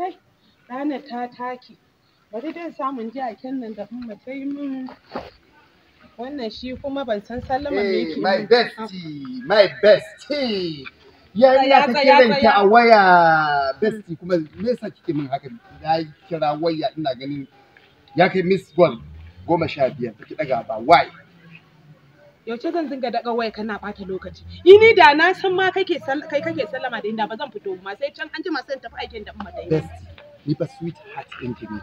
kai rana ta take bari dai samun ji a nan da umma ta yi min wannan shi kuma ban san sallama me yake eh, my bestie my bestie ya ina ta kiran ki a waya bestie kuma me yasa kike min haka Ya kira waya ina ganin ya kai miss gold goma sha biyar take daga ba why yaushe zan dinga daga waya kana bata lokaci ini da na san ma kake kai kake sallama da inda ba zan fito ma sai can an ji masu tafi aikin da umma ta yi ni fa sweet heart in ki ne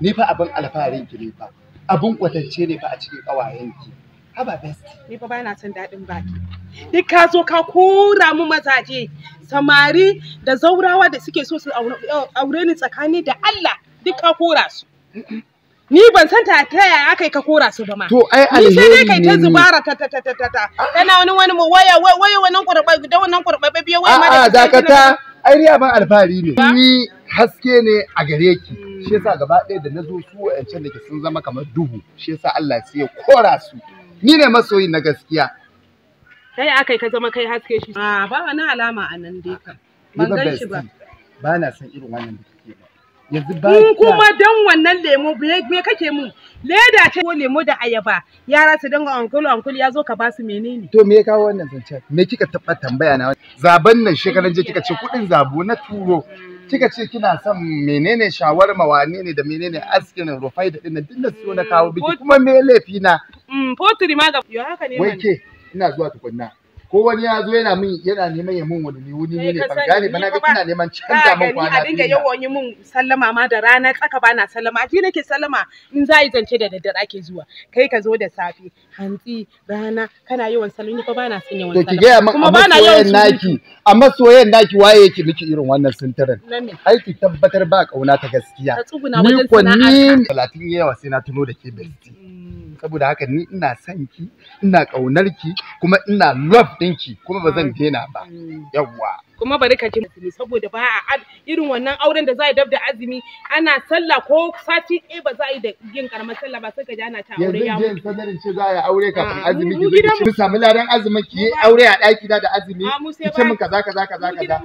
ni fa abin alfaharin ki ne fa abin kwatance ne fa a cikin kawayen ki haba best ni fa bana son dadin baki duk ka zo ka kura mu mazaje samari da zaurawa da suke so su aure ni tsakani da Allah duk ka kora su Ni ban san ta ta yaya aka yi ka kora su ba ma. To ai alheri ne. Ni sai dai kai ta zubara ta ta ta ta ta. Kana wani wani waya waya wannan kurɓa da wannan kurɓa ba biyo waya ma da. A'a dakata ai riya ban alfahari ne. Ni haske ne a gare ki. Hmm. Shi yasa gaba ɗaya da na zo su wa'ancan da ke sun zama kamar duhu. Shi yasa Allah sai ya kora su. Ni ne masoyin na gaskiya. Ta yaya aka yi ka zama kai haske shi. A ba wani alama a nan dai ka. Ban gan shi ba. Ba na san irin wannan da kike ba. Mun kuma dan wannan lemo me kake mun leda ce ko lemo da ayaba yara su dinga ankulu ankulu ya zo ka ba su menene to me ya kawo wannan zancen me kika taba tambaya na zaban nan shekaran je kika ce kudin zabo na turo kika ce kina son menene shawarma wane ne da menene askin rufai da dinnan dinnan so na kawo biki kuma me laifi na mm, potri ma ga yo haka ne wai ke ina zuwa tukunna ko wani ya zo yana min yana neman ya mun wani wuni ne ban gane ba na ga kina neman canza mun kwana a dinga yawan yi mun sallama ma da rana tsaka bana sallama a nake sallama in za yi zance da daddare ake zuwa kai ka zo da safe hantsi rana kana yawan sallama ni fa bana son yawan sallama ki ga kuma bana yawan naki amma soyayyen naki waye yake miki irin wannan sintirin ai ki tabbatar ba kauna ta gaskiya ni ko ni 30 yawa sai na tuno da ke besti saboda haka ni ina son ki ina kaunar ki kuma ina love din ki kuma ba zan daina ba mm. yawa kuma bari ka ji musulmi saboda ba a irin wannan auren da za a dab da azumi ana sallah ko sati ɗaya ba za a yi da yin karamar sallah ba sai ka jana ta aure ya mutu yanzu sanarin ce za a yi aure kafin ah, azumi ki zo ki samu ladan azumin ki yi aure a ɗaki da azumi ah, ki ce min kaza kaza kaza kaza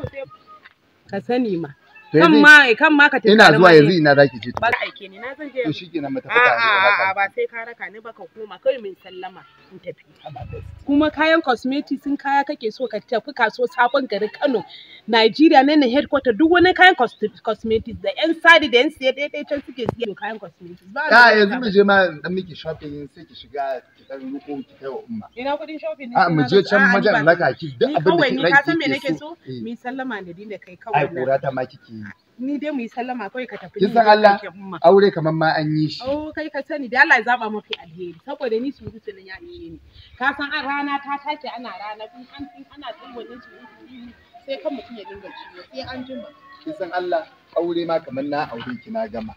ka sani ma kan ma eh, kan ma ka tafi ina zuwa yanzu ina zaki je ba aike ni na zan je to shikenan mu tafi a a ba sai ka raka ni ba ka koma kai min sallama in tafi kuma kayan cosmetics sun kaya kake so ka tafi kaso sabon gari Kano Nigeria ne ne headquarter duk wani kayan cosmetics da yan sadi da yan siya daidai can suke siya kayan cosmetics ba yanzu mu je ma dan miki shopping sai ki shiga ki dan ruko ki kai wa umma ina kudin shopping ne a ah, mu je can majan laka ki duk abin da kike so ni kawai ni ka san me nake so eh. mi sallama da dinda kai kawai ai kura ta ma kike yi ni dai mu yi sallama kawai ka tafi kin san Allah aure kaman ma an yi shi oh kai ka sani da Allah ya zaba mafi alheri saboda ni su rutu ya yi ni ka san an rana ta take ana rana in an tsin ana tsin wannan ne, sai kan mutum ya dinga ciwo sai an jima kin san Allah aure ma kaman na aure ki na gama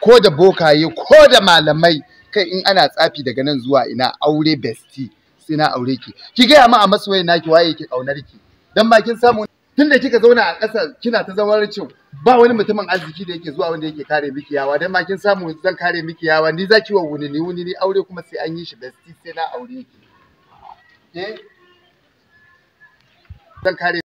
ko da bokaye ko da malamai kai in ana tsafi daga nan zuwa ina aure bestie sai na aure ki ki gaya ma a masoyin naki waye ki kaunar ki dan ba kin samu tunda kika zauna a ƙasa kina ta zama rancin ba wani mutumin arziki da yake zuwa wanda yake kare miki yawa dan ma kin samu zan kare miki yawa ni zaki wa wuni ni wuni ni aure kuma sai an yi shi da sai na aure ki eh? zan kare